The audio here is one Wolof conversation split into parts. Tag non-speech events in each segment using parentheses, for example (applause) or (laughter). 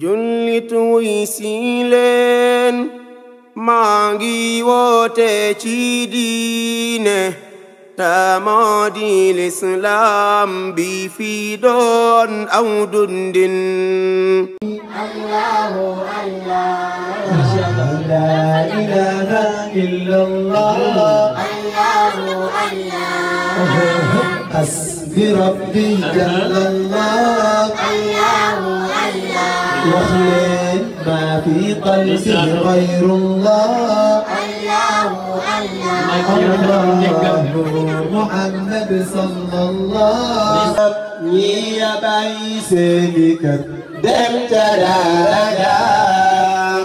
jullit wuy si leen maa ngi woote ci diine ta moo di bi fi doon aw dundin allahu allah allah allahu allah rabbi jalla مخلد ما في قلبي غير الله الله محمد صلى الله يا بيسلك دم تراجع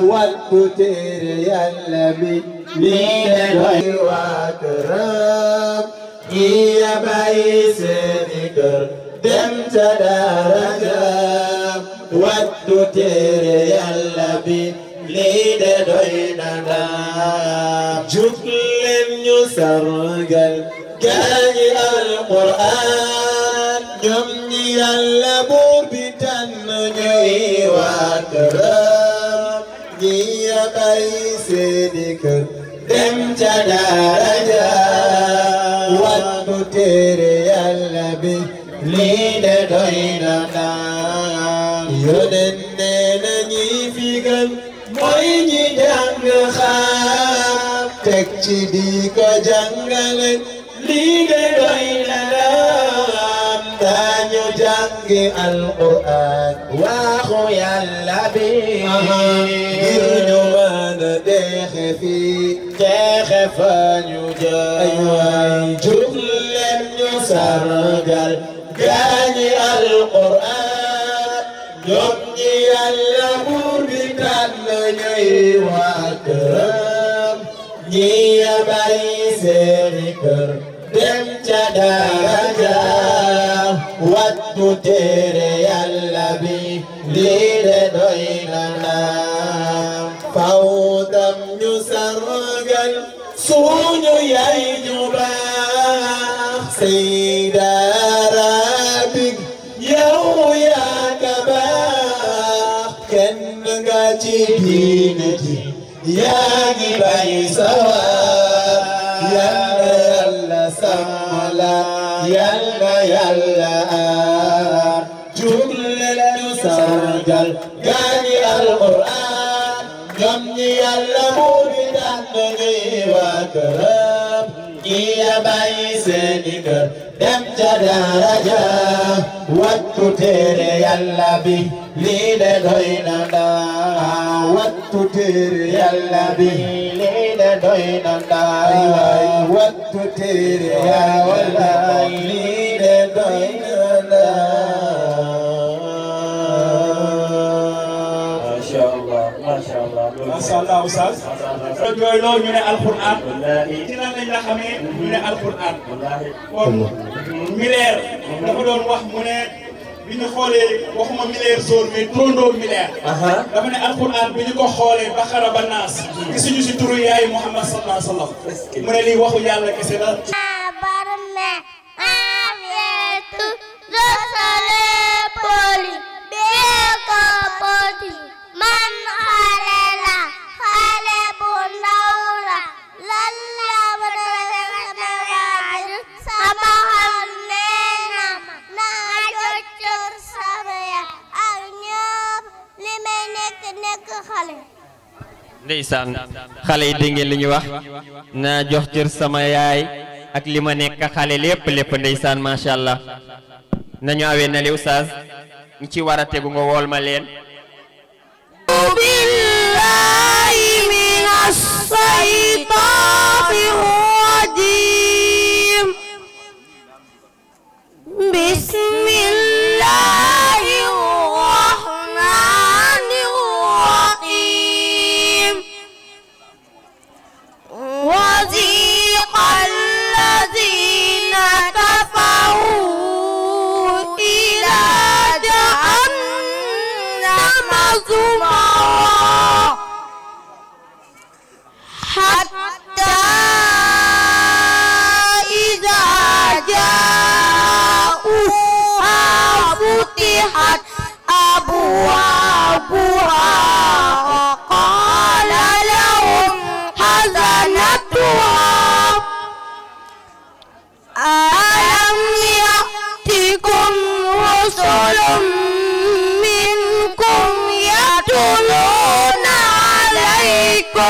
والكتير يلمي لين واتراب يا بيسلك دم تراجع wattu téere yàlla bi lii de doy na naam jug leen ñu sargal gaañi alquraan ñoom ñi yàlla buur bi tànn bay seeni dem ca daara ja wattu lii de doy na yónneen nee na ñi fi gën mooy ñi jàng xam ci di ko jàngale lii de doy na laam daañu jàngi alquran waaxu yàlla bi ngir ñu mën a deexe fii deexe fa ñu jëy waay jug leen ñu sargal gaañi jot ñi yàlla buur bi tànn ñuy waa këram ñi yabal seeni kër dem ca daraja wattu téere yàlla bi lii de na faw tam ñu sargal suñu yaay ju baax seyda madinati yaa ngi bàyyi sawa yàlla yàlla samala yàlla yàlla aar jug leen ñu sargal gaani alquran ñoom ñi yàlla mu di tànn ñuy waa këram ñi ya bàyyi seeni kër dem ca daraja wattu téere yàlla bi lii de doy na ndaa wattu téere yàlla bi lii de doy na ndaa wattu téere yàlla bi lii de doy na ndaa sa jooyloo ñu ne alxuraan ci lan lañ la xamee ñu ne alxuraan kon Miller dafa doon wax mu ne bi ñu xoolee waxuma Miller zone mais tondoo Miller dafa ne alxuraan bi ñu ko xoolee Bakara ba naas gisuñu si turu yaay Muhammad sallallahu alayhi wa sallam mu ne lii waxu yàlla kese la Man ndeysan xalé yi dengel liñu wax na jox ciir sama yaay ak lima nek xalé lepp lepp ndeysan ma sha allah nañu awé na li oustaz ñi ci wara a nga wol ma len billahi minas saytafi rajim bismillahi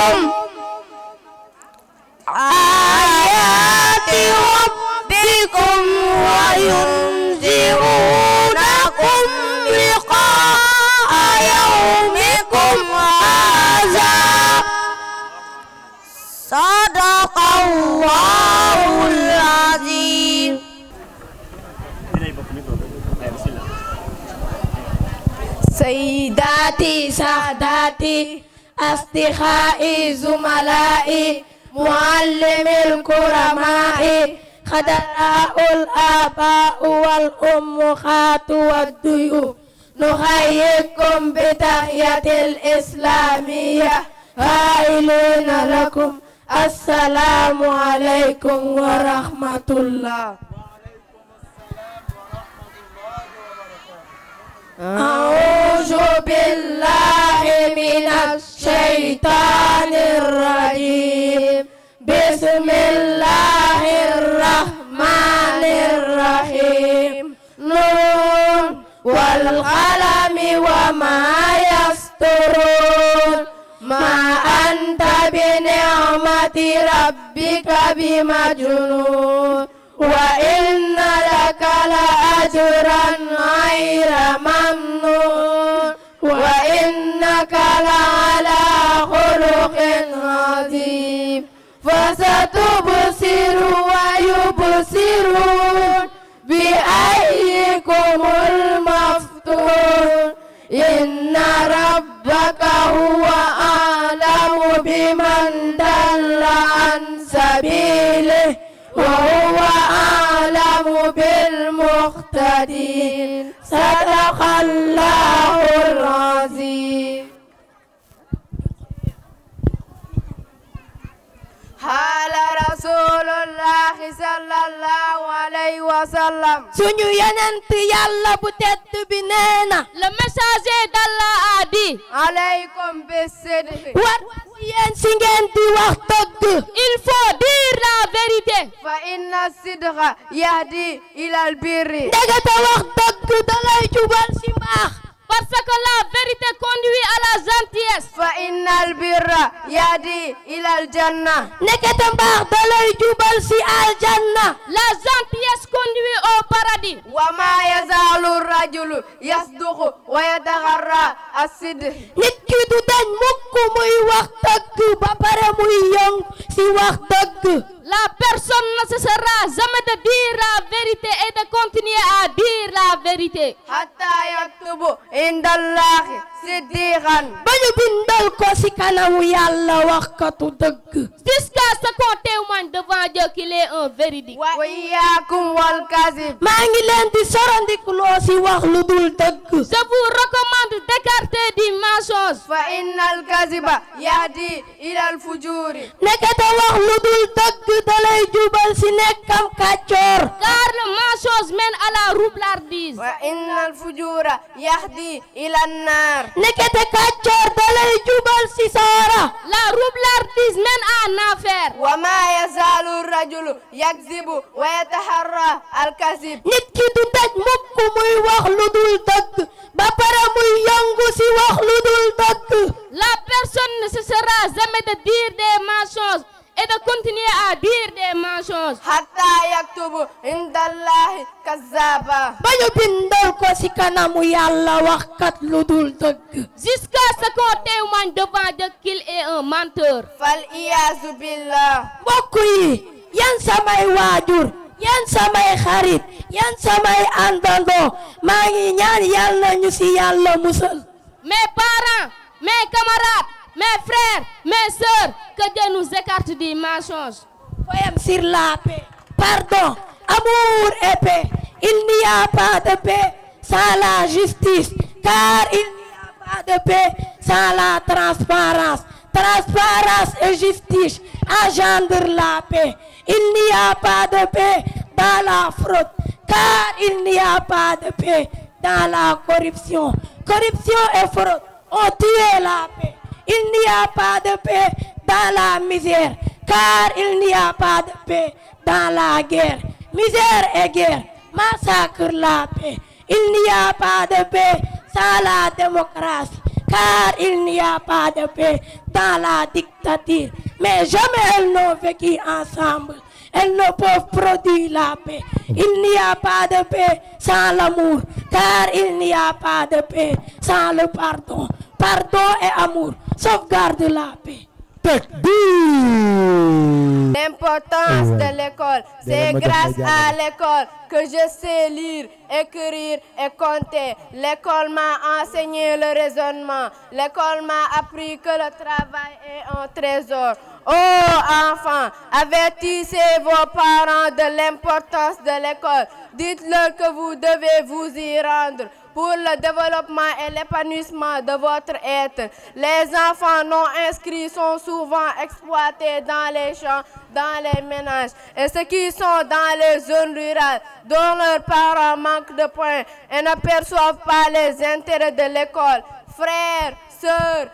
لكم آيات ربكم وينذرونكم لقاء يومكم هذا صدق الله العظيم سيداتي ساداتي أصدقائي زملائي معلم الكرماء خدراء الآباء والأمهات والديوب نحييكم بتحية الإسلامية هائلين لكم السلام عليكم ورحمة الله أعوذ بالله من الشيطان الرجيم بسم الله الرحمن الرحيم نون والقلم وما يسطرون ما أنت بنعمة ربك بمجنون وإن لك لأجرا غير ممنون وإنك لعلى خلق عظيم فستبصر ويبصرون بأيكم المفتون إن ربك هو أعلم بمن دل عن سبيله وهو أعلم بالمقتدين صدق الله العظيم هلا رسول sallallahu alayhi wa sallam suñu bu tedd bi nee le messager d'Allah a dit alaykum bis-sidq war yéen si ngeen di wax dëgg il faut dire la vérité fa inna sidqa yahdi ila al-birri ndegete wax dëgg dalay jubal si mbaax parce que la vérité conduit à la gentillesse. fa birr birra yahdi al janna. nekkete mbaax da lay si al janna. la gentillesse conduit au paradis. wa maa yazaalu rajulu yasduqu wa yataxarra asid. nit ki du dañ mukk muy wax ba pare muy yëng si wax dëgg. La personne ne sa jamais de dire la vérité et de continuer à dire la vérité. hatta yaktubu indallahi siddiqan. ba ñu bindal ko ci kanamu yàlla waxkatu dëgg. jusqu'à ce témoigne devant Dieu un véridique. wa iyyaakum wal kazib. maa ngi leen di sorandikuloo ci wax lu dul dëgg. je vous recommande d'écarter du mensonge. fa innal kaziba yahdi ilal fujuri. nekk te wax lu dul dëgg. dalay jubal si nekkam kàccoor car le mensonge mène à la roublardise wa innal fujura yahdi ila naar nekkete kàccoor dalay jubal si sawara la roublardise mène à un enfer wa ma yazalu rajulu yakzibu wa yataharra al kazib nit ki du daj mukk muy wax lu dul muy yëngu si wax lu la personne ne cessera jamais de dire des mensonges et de continuer à dire des mensonges. hatta yaktubu indallahi kazzaba. ba ñu bindal ko ci kanamu yàlla waxkat lu dul dëgg. jusqu'à ce qu'on témoigne devant Dieu qu'il est un menteur. fal iyaazu billah. mbokk yi yan samay waajur. yan samay xarit yan samay àndandoo maa ngi ñaan yàlla ñu ci yàlla musal. mes parents mes camarades. Mes frères, mes soeurs, que Dieu nous écarte des mensonges. sur la paix, pardon, amour et paix. Il n'y a pas de paix sans la justice, car il n'y a pas de paix sans la transparence. Transparence et justice engendrent la paix. Il n'y a pas de paix dans la fraude, car il n'y a pas de paix dans la corruption. Corruption et fraude ont tué la paix il n'y a pas de paix dans la misère, car il n'y a pas de paix dans la guerre. Misère et guerre massacrent la paix. Il n'y a pas de paix sans la démocratie, car il n'y a pas de paix dans la dictature. Mais jamais elles n'ont vécu ensemble. Elles ne peuvent produire la paix. Il n'y a pas de paix sans l'amour, car il n'y a pas de paix sans le pardon. Pardon et amour Sauvegarde la paix. L'importance eh de l'école, c'est grâce à l'école que je sais lire, écrire et compter. L'école m'a enseigné le raisonnement. L'école m'a appris que le travail est un trésor. Oh enfants, avertissez vos parents de l'importance de l'école. Dites-leur que vous devez vous y rendre pour le développement et l'épanouissement de votre être. Les enfants non inscrits sont souvent exploités dans les champs, dans les ménages. Et ceux qui sont dans les zones rurales, dont leurs parents manquent de points et ne perçoivent pas les intérêts de l'école, frères, sœurs,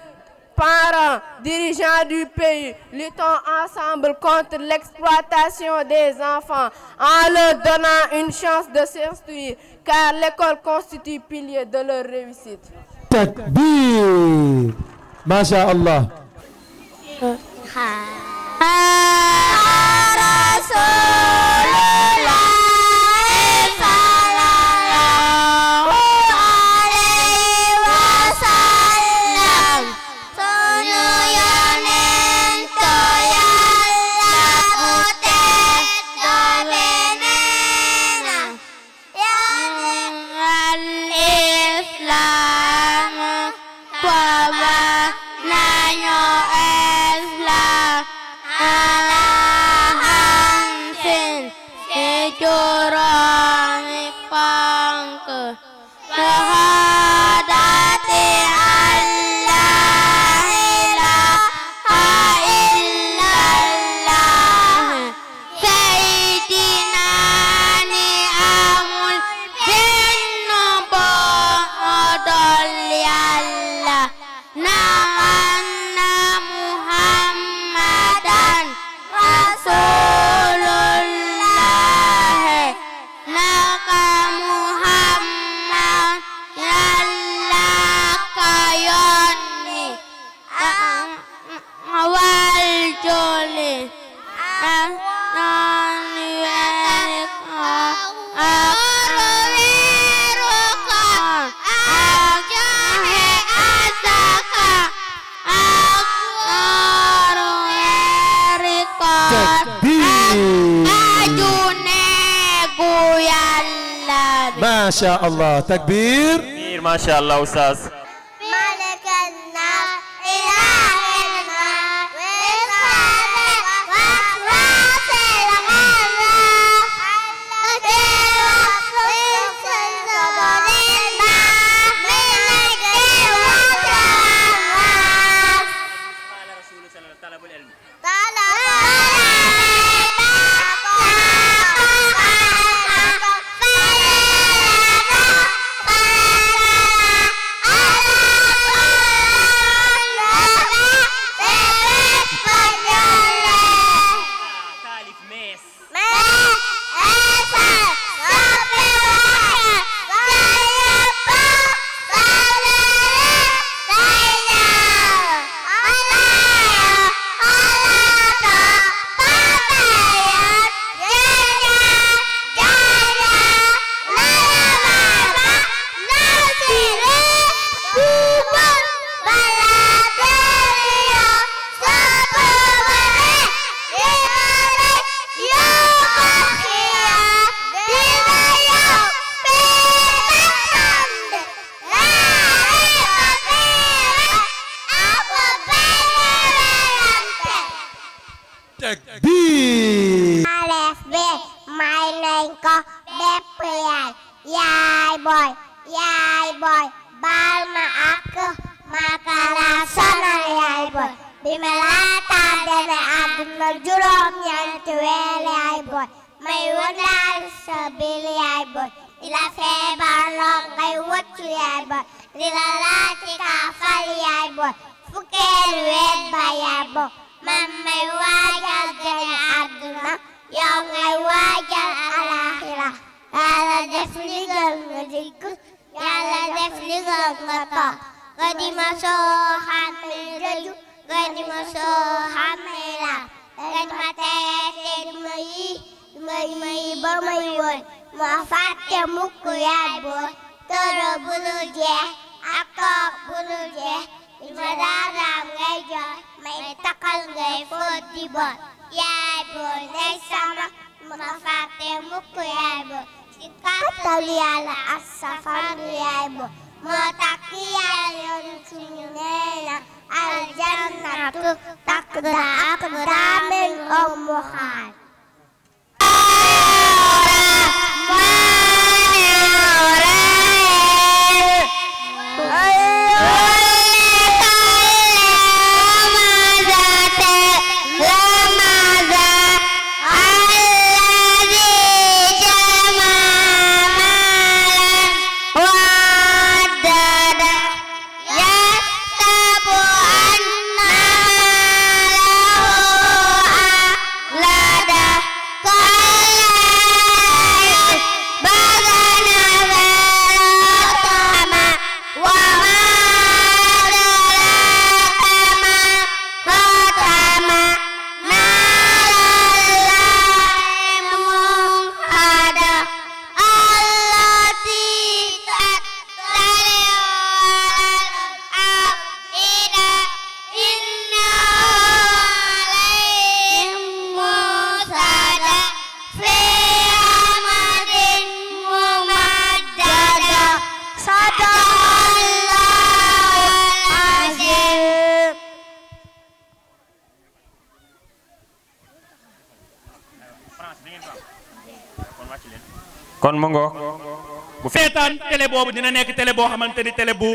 parents, dirigeants du pays, luttons ensemble contre l'exploitation des enfants en leur donnant une chance de s'instruire, car l'école constitue pilier de leur réussite. Takbir شاء الله تكبير ما شاء الله أستاذ naan ma juróom ñeenti weer yaay booy may wut laal sa biir yaay booy di la feebar loo ngay wëccu yaay booy di la laati kaafal yaay booy fukkeel weer ba yaay booy man may waajal gën àdduna yow ngay waajal alaaxira yàlla def liggéey nga dikk yàlla def liggéey nga toog nga di ma soo xam ne rëju gay di ma soo xàmmee laa ma teree tee di ma yi ma yi ba mukk yaay boor toro bu dul jeex ak toog ngay jooy may takkal ngay fóot di boor yaay boor ndey sama moo fàtte mukk yaay boor ci kàttal yaay boor moo tax ki yàlla yoon suñu nee na aljannatu takk da ak daa min kon mu ngoog bu seetaan télé boobu dina nekk télé boo xamante ni télé bu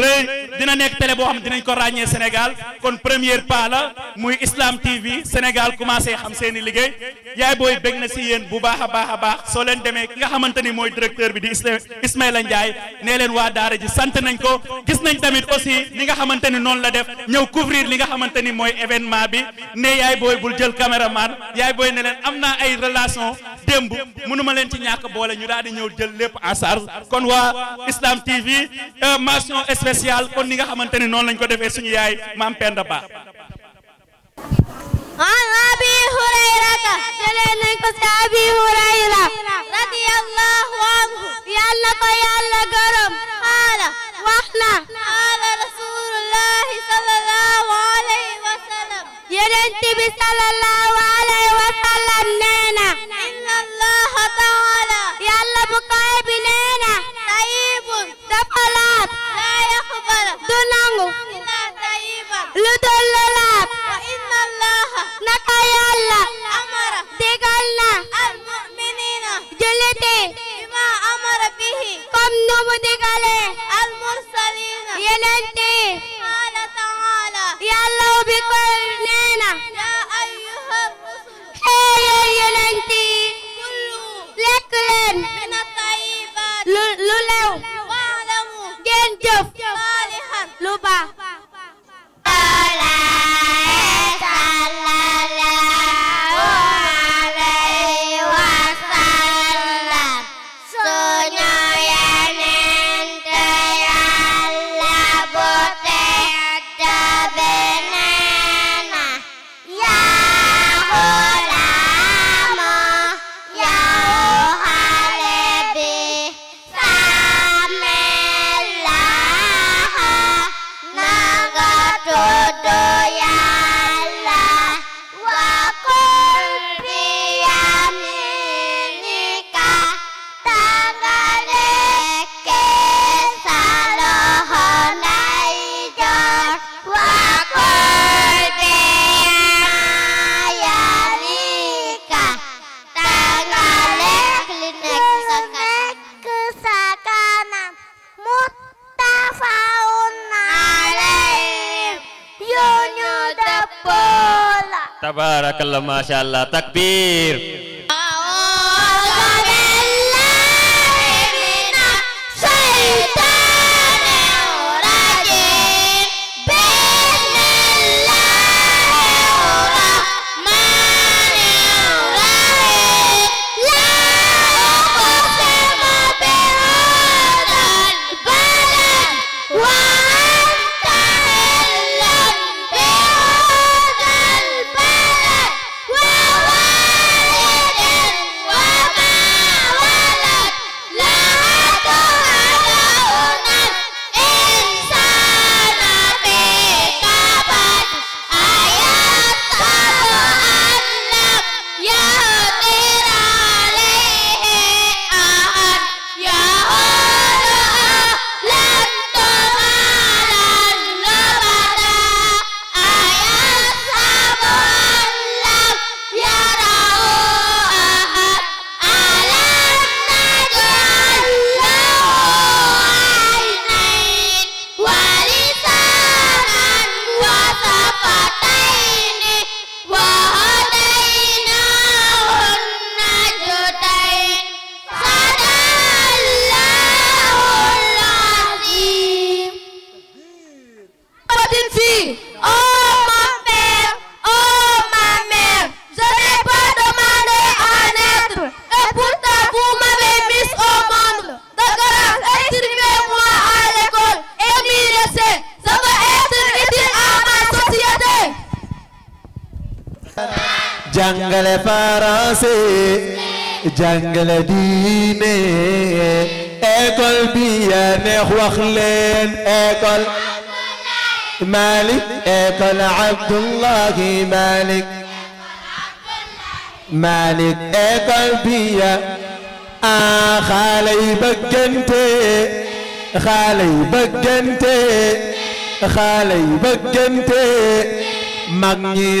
rëy dina nekk télé boo xam ne dinañ ko ràññee Sénégal kon premier pas muy Islam TV Sénégal commencé xam seen liggéey yaay booy bég na si yéen bu baax a baax a baax soo leen demee ki nga xamante ni mooy directeur bi di la Ndiaye nee leen waa daara ji sant nañ ko gis nañ tamit aussi li nga xamante ni noonu la def ñëw couvrir li nga xamante ni mooy événement bi ne yaay booy bul jël caméraman yaay booy ne leen am na ay relation démb mënuma leen ci ñàkk boole ñu daal di ñëw jël lépp en charge kon waa Islam TV euh, mention spéciale kon ni nga xamante ni noonu lañ ko defee suñu yaay maam Penda Ba an abi hurayrata jëlee nañ ko ci abi hurayra radiyallahu anhu yal na ko yàlla gërëm qaala wax na qaala rasulullahi sallallahu alayhi wa sallam yonent bi sallallahu alayhi wa sallam nee na inna allaha taala yàlla bu kaay bi nee na tayyibun dafa laab laa yaqbal du nangu lu tollu laab naka yàlla digal na julliti comme nu mu digale yonent yi yàlla ubbi ko nee na xeeyal yonent yi lekk leen lu lew ngeen jëf lu baax Allah, Masya Allah. Takbir. جنگل فراسي جنگل ديني اقل بيان وخلين اكل مالك اكل عبد الله مالك مالك اكل بيان آه خالي بجنتي خالي بجنتي خالي بجنتي mag ñi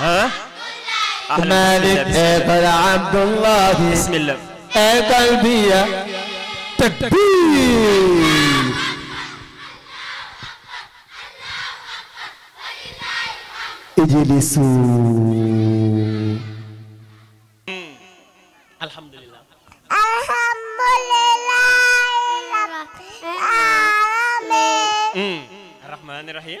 ها مالك ايقل عبد الله بسم الله ايقل بيا تكبير اجلسوا الحمد لله الحمد لله رب العالمين الرحمن الرحيم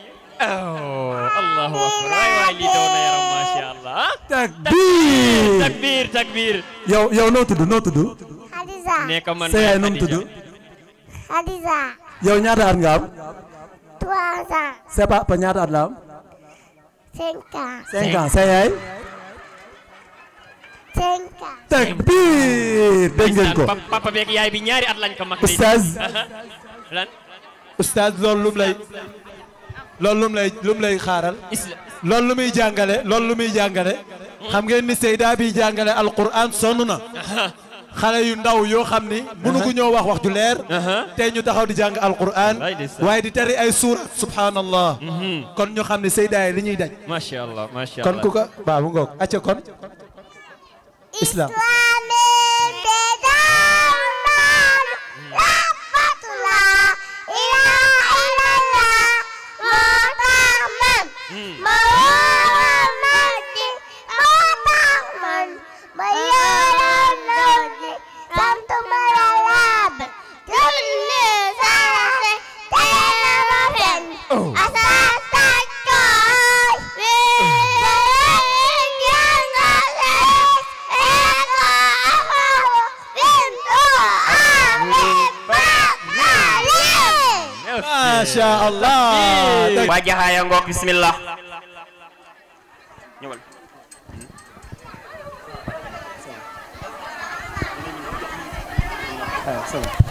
Allahu Akbar. Waay waay allah. takbir takbir takbir. yow yow noo tudd noo tudd. Hadiza. nee ko man Hadiza. Yo ñaata at nga am. trois ans. sa papa Senka. Senka. la am. takbir dégg ko papa beeg yaay bi ñaari at ustaz. ustaz loolu lu mu lay lay xaaral. loolu lu muy jàngale loolu lu muy jàngale. xam ngeen ni seydaa bi jàngale alquran sonn na. (laughs) xale yu ndaw yoo xam ni. mënu ko uh-huh. ñoo wax wax ju leer. Uh-huh. tey ñu taxaw di jàng alquran. waaye di tari ay suura. subhanallah. Mm-hmm. kon ñu xam ne seydaa yi li ñuy daj. macha allah macha allah kon ku ko baabu ngoog acca kon. islam. Masya Allah. Wajah yang gok bismillah. Nyawal. Hmm.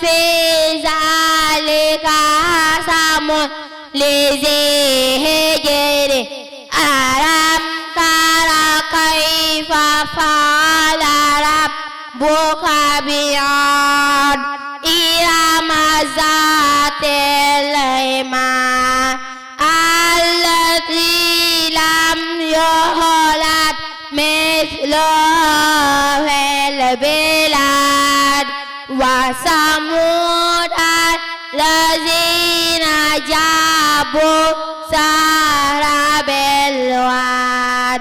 في ذلك سم لذي هجر ألم تر كيف فعل ربك بعاد إرم ذات العماد التي لم يهلك مثلها في البلاد وسط الرب سار بالوعد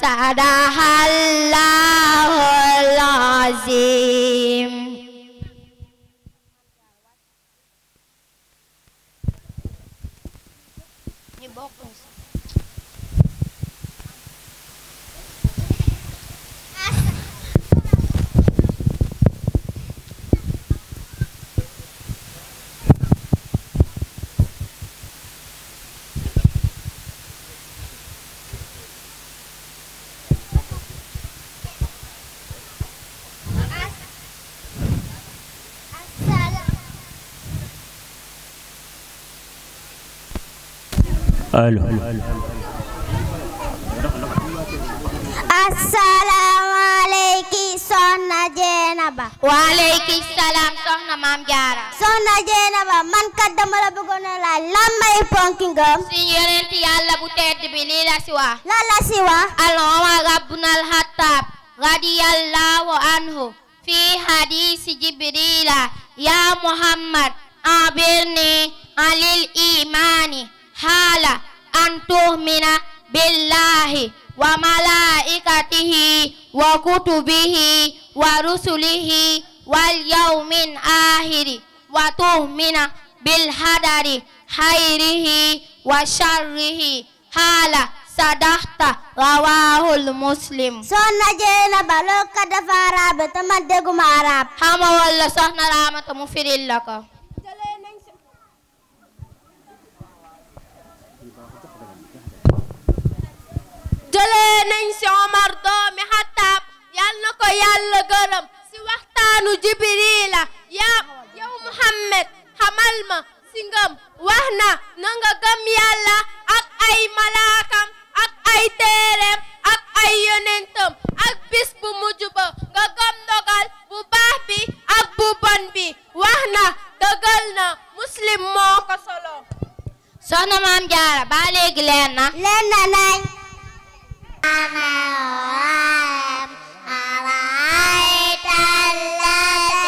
صدق الله العظيم yaf'alu Assalamualaikum sonna jenaba Waalaikum salam sonna mam jara Sonna jenaba man kaddama la bëggona la lamay ponkingam Si yonenti Yàlla bu tedd bi li la siwa La la siwa Allahumma wa hattab radiyallahu anhu fi hadisi Jibrila ya Muhammad abirni alil imani hala أن تؤمن بالله وملائكته وكتبه ورسله واليوم الآخر وتؤمن بالهدر خيره وشره حالا صدقت رواه المسلم سونا جينا بلوك دفارا بتمدقوا معراب حما والله سونا رامة مفرين لك jëlee nañ si Omar doomi Xattaab yal ko yàlla gërëm si waxtaanu Jibrila yaa Muhammad xamal ma si ngëm wax na na nga gëm yàlla ak ay malaakam ak ay téereem ak ay yonentam ak bis bu mujj ba nga gëm ndogal bu baax bi ak bu bon bi wax na dëggal na muslim moo ko solo soxna maam jaara ba léegi leer na leer na nañ I am Allah, Allah, Allah, Allah,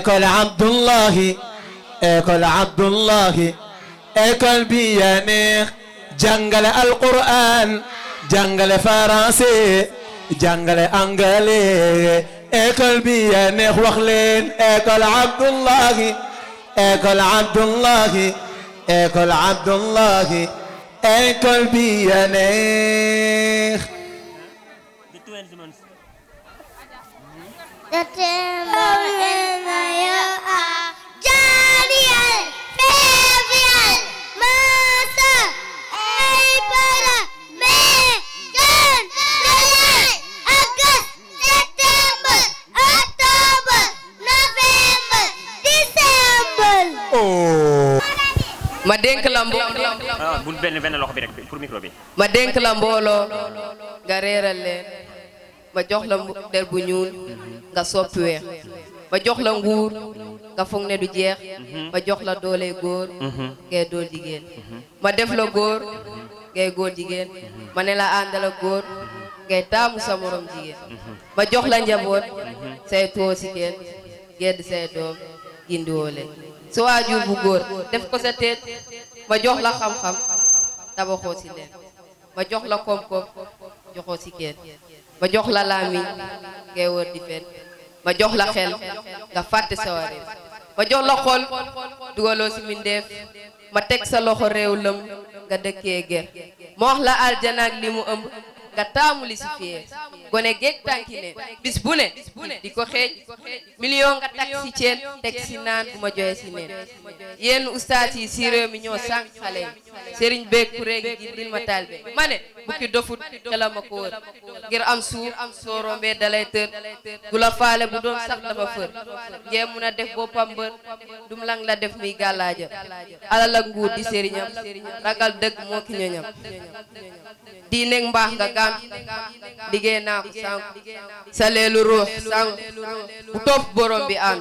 école Abdullahi école Abdullahi école bi yaa neex jàngale alquran jàngale français jàngale anglais bi yaa neex wax leen école Abdullahi bi yaa ma dénk la mbooloo ah, bu benn benn loxo bi rek pour micro bi. ma dénk la mbooloo nga réeral leen ma jox la der bu ñuul nga soppi ba jox la nguur nga foog ne du jeex ma mhm. jox la doole góor mhm. ngay dool jigéen mhm. ma def la góor ngay góor jigéen ma ne la àndal ak góor ngay taamu sa morom jigéen ma jox la njaboot say toosi teen gedd say doom gindiwoo leen su waajur bu góor def ko sa teet ma jox la xam-xam tabaxoo si leen ma jox la koom-koom joxoo si kenn ma jox la laamiñ ngay wër di fen ma jox la xel nga fàtte sa wareef ma jox la xol dugaloo si mbindeef ma teg sa loxo réew lëm nga dëkkee ger ma wax la aljana ak li mu ëmb nga taamu li si gone géeg tànki bis bu ne di ko xeej million nga takk si ceen teg si naan bu ma joxe si neen yéen ustaas yi si mi ñoo sànq xale yi sëriñ beeg kuréel gi dil ma ma ne bukki dofut kala mako ngir am suuf sooro mbee dalay teur gula faale bu doon sax dafa feur ngee mun def bopam beur dum lang la def mi ala la di serignam ragal deug mo ki di nek mbax nga gam ligé na ko sànq bu top borom bi an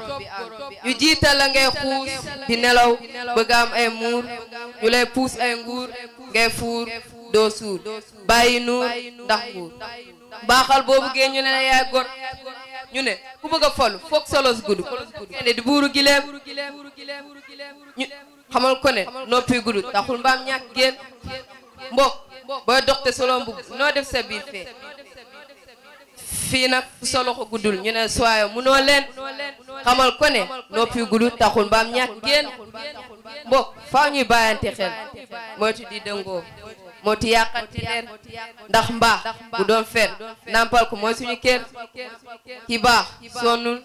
yu jita la ngay xuus di nelaw bëgg am ay mur yu lay pousse ay ngour ngay fuur doo suur bàyyi nuur ndax buur baaxal boobu gee ñu ne la yaay gor ñu ne ku bëgg a falu foog solos gudd kene di buuru gileem ñu xamal ko ne noppi gudd taxul mbaam ñàkk génn mbokk booy doxte solo mbubb noo def sa biir fee fii nag solo ko guddul ñu ne soyo munoo leen ko ne noppi gudd taxul mbaam ñàkk génn ñuy bàyyante xel moytu di dëngoo moo ti yàqanti leen ndax mbaax bu doon fen nampal ko mooy suñu kenn ki baax sonnul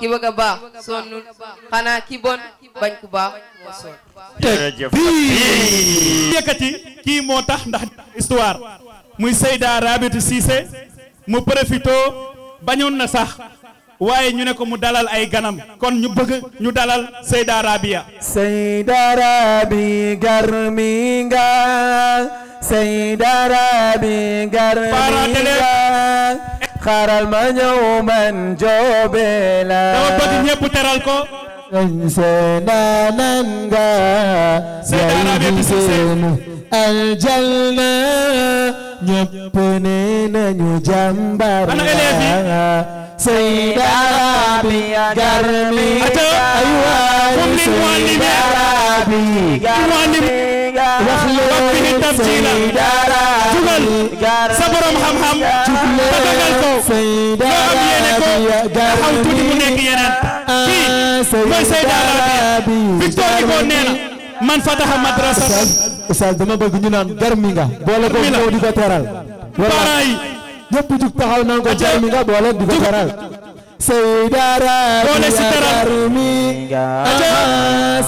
ki bëgg a baax sonnul xanaa ki bon bañ ku baax moo sonn te bii yëkkati kii moo tax ndax histoire muy Seyda Rabitou Cissé mu profito bañoon na sax waaye ñu ne ko mu dalal ay ganam kon ñu bëgg ñu dalal Seyda Rabia Seyda Rabi garmi nga ma ñëw man joobe la bëgg ñépp teral ko سيدنا ننجا سيدنا الجنة يبنينا نجمبر أنا إليفي سيد عربي قرمي سيد ñëpp jug taxaw naan ko jaay mi nga boole di ko teral Seydara boole si teral mi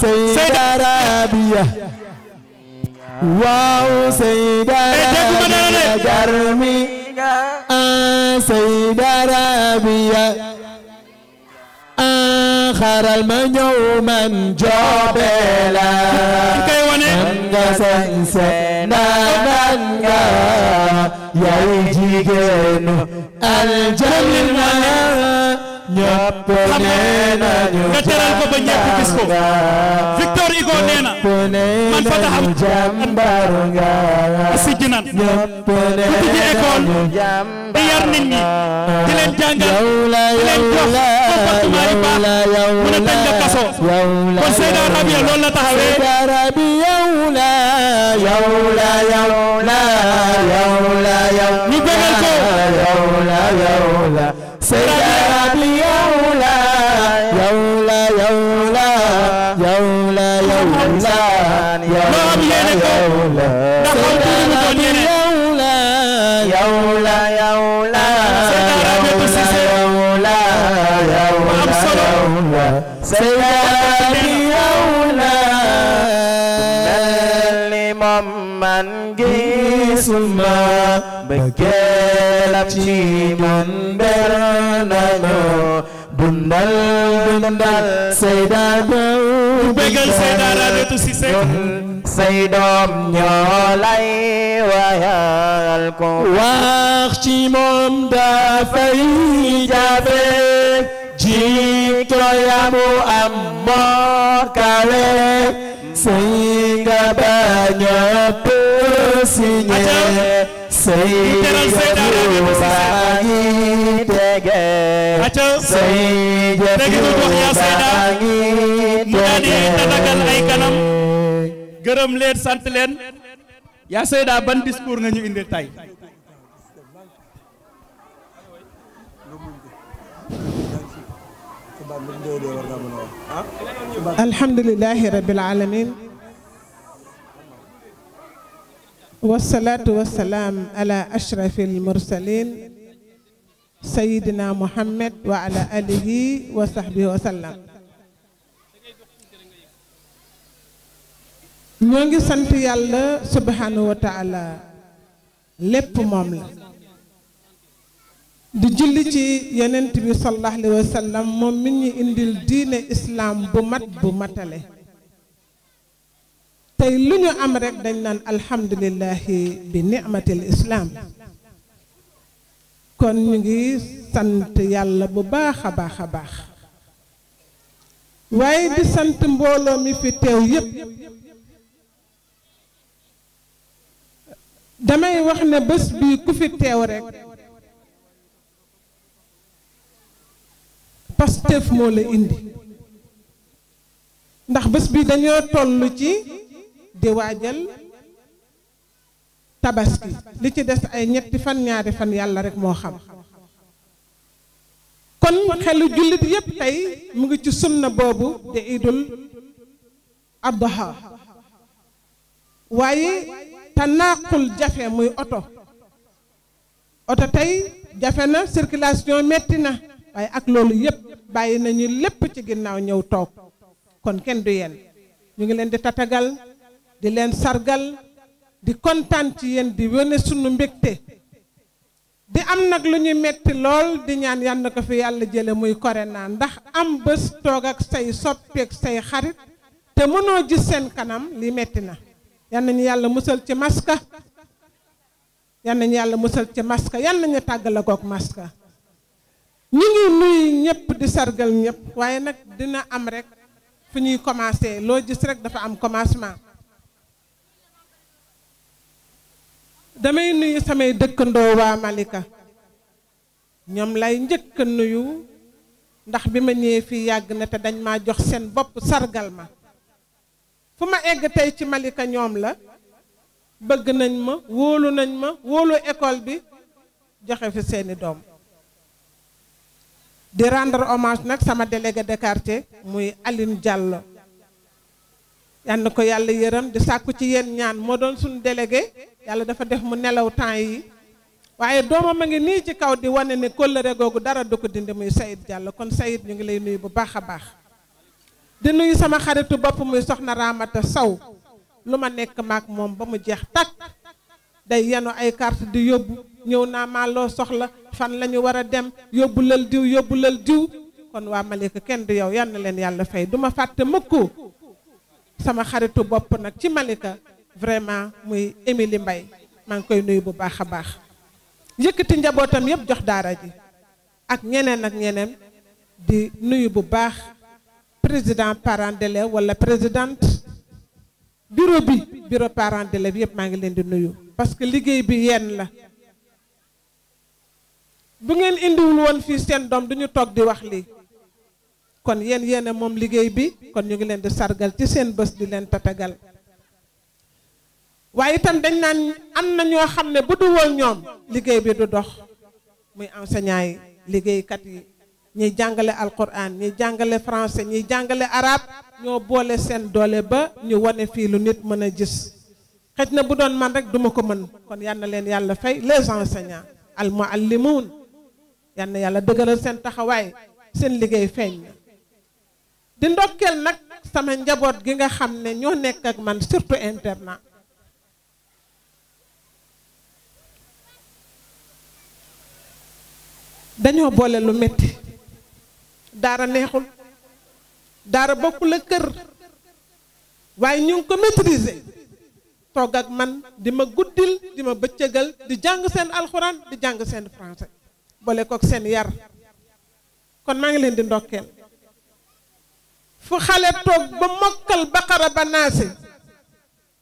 Seydara biya waaw Seydara eh, garmi ah, Seydara biya ah, xaaral ma ñëw nga sañse naan nga yaay jigéenu aljanna ñëpp nee nañu nga teral Victor Hugo nee man fa taxaw jàmbaar nga si jinan ku tijji école di leen jàngal di leen jox comportement yu baax mu ne tañ la suma bëggeelam ci man ber nañu bundal bundal sayda daw bu bëggal sayda raadatu si sekk say doom ñoo lay wayal ko wax ci moom dafay jafe ji ko yamu am moo kawe sëy nga bañ a signé sëy nga bu baa ngi tege sëy nga bu baa ngi tege tatagal ay kanam gërëm leen sant leen yaa Seyda ban discours nga ñu indil tey الحمد لله رب العالمين والصلاة والسلام على أشرف المرسلين سيدنا محمد وعلى آله وصحبه وسلم نيجي سنتي الله سبحانه وتعالى لب مملك di julli ci yenent bi sallallahu alaihi wasallam mom min ñi indil diine islam bu mat bu matale tay luñu am rek dañ nan alhamdullilah bi ni'matil islaam kon ñu ngi sant yàlla bu baakha baakha baax waye di sant mbolo mi fi tew yeb damay wax ne bés bi ku fi tew rek Pastef moo la indi ndax bés bi dañoo toll ci di tabaski li ci des ay ñetti fan ñaari fan yàlla rek moo xam kon xelu jullit yépp tey mu ngi ci sunna boobu di idul adha waaye tanaaqul jafe muy oto oto tey jafe na circulation metti na waaye ak loolu yépp bàyyi nañu lépp ci ginnaaw ñëw toog kon kenn du yéen ñu ngi leen di tatagal di leen sargal di kontaan ci yéen di wane sunu mbégte di am nag lu ñu metti lool di ñaan yal ko fi yàlla jële muy corona ndax am bés toog ak say soppeek say xarit te mënoo gis seen kanam li metti na yal nañu yàlla musal ci maska yal nañu yàlla musal ci maska yal nañu tàggalakook maska ñu ngi nuyu ñëpp di sargal ñëpp waaye nag dina am rek fu ñuy commencé loo gis rek dafa am commencement damay nuyu samay dëkkandoo waa Malika ñoom lay njëkk nuyu ndax bi ma ñëwee fii yàgg na te dañ ma jox seen bopp sargal ma fu ma egg tey ci Malika ñoom la bëgg nañ ma wóolu nañ ma wóolu école bi joxe fi seeni doom di rendre hommage nag sama délégué de quartier muy alin Diallo yal na ko yàlla yërëm di sàkku ci yéen ñaan moo doon suñu délégué yàlla dafa def mu nelaw temps yi waaye doomam a ngi nii ci kaw di wane ni kóllëre googu dara du ko dindi muy Sayid Diallo kon Sayid ñu ngi lay nuyu bu baax a baax di nuyu sama xaritu bopp muy soxna Ramata Sow lu ma nekk maak moom ba mu jeex takk day yenu ay kart di yóbbu ñëw naa maa loo soxla fan la ñu war a dem yóbbulal diw lël diw kon waa Malika kenn du yow yal na leen yàlla fay du ma fàtte mukk sama xaritu bopp nag ci Malika vraiment muy Émilie mbay maa ngi koy nuyu bu baax a baax yëkkati njabootam yëpp jox daara ji ak ñeneen ak ñeneen di nuyu bu baax président parent d'élève wala président bureau bi bureau parent d'élève yëpp maa ngi leen di nuyu parce liggéey bi yenn la bu ngeen indiwul woon fii seen doom duñu toog di wax lii kon yéen yéene moom liggéey bi kon ñu ngi leen di sargal ci seen bés di leen tatagal waaye itam dañ naan am na ñoo xam ne bu du woon ñoom liggéey bi du dox muy enseignant yi liggéeykat yi ñuy jàngale alquran ñiy jàngale français ñuy jàngale arabe ñoo boole seen doole ba ñu wane fii lu nit mën a gis xëj na bu doon man rek duma ko mën kon yal leen yàlla fay les enseignants al muallimun yal yàlla dëgëral seen taxawaay seen liggéey feeñ na di ndokkeel nag sama njaboot gi nga xam ne ñoo nekk ak man surtout dañoo boole lu metti daara neexul daara bokkul ak kër waaye ñu ngi ko maîtriser toog ak man di ma guddil di ma bëccëgal di jàng seen alxuraan di jàng seen français boole kook seen yar kon maa ngi leen di ndokkeel fu xale toog ba mokkal baqara ba naase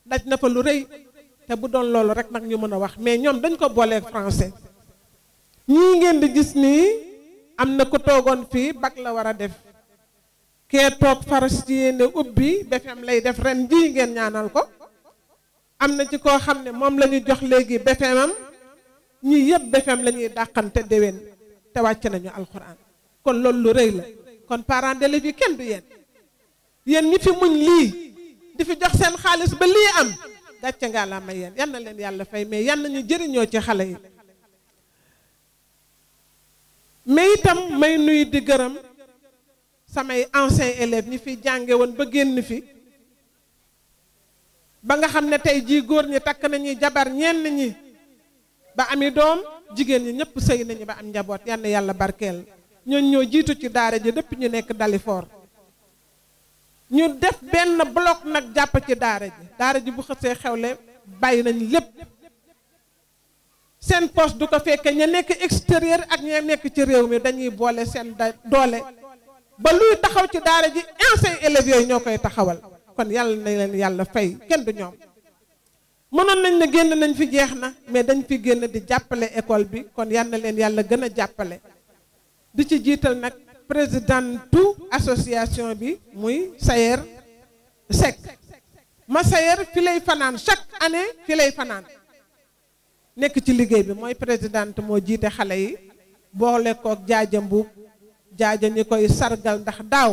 daj na fa lu rëy te bu doon loolu rek nag ñu mën a wax mais ñoom dañ ko booleeg français ñii ngeen di gis nii am na ko toogoon fii bac la war a def kee toog faras ci yéene ubbi BFEM lay def ren jii ngeen ñaanal ko am na ci koo xam ne moom la jox léegi BFEM ñii yëpp BFEM la ñuy dàqante déwén te wàcc nañu alxuraan kon lool lu rëy la kon parents d'élèves yi kenn du yéen yéen ñi fi muñ lii di fi jox seen xaalis ba lii am gàcce ngaa laa may yéen yan na leen yàlla fay mais yan nañu jëriñoo ci xale yi mais itam may nuyu di gërëm samay anciens élèves ñi fi jànge woon ba génn fi ba nga xam ne tey jii góor ñi takk nañuy jabar ñenn ñi ba ami doom jigéen ñi ñëpp sëy nañu ba am njaboot yal yàlla barkeel ñooñ ñoo jiitu ci daara ji dëpp ñu nekk Dalifort ñu def benn bloc nag jàpp ci daara ji daara ji bu xësee xewle bàyyi nañ lépp seen poste du ko fekkee ña nekk extérieur ak ña nekk ci réew mi dañuy boole seen doole ba luy taxaw ci daara ji anciens élèves yooyu ñoo koy taxawal kon yàlla na leen yàlla fay kenn du ñoom mënoon nañ ne génn nañ fi jeex na mais dañ fi génn di jàppale école bi kon yal na leen yàlla gën a jàppale di ci jiital nag présidentu association bi muy Sayer Seck ma Sayer fi lay fanaan chaque année fi lay fanaan nekk ci liggéey bi mooy présidente moo jiite xale yi boole kook jaaja mbuub jaaja ñi koy sargal ndax daaw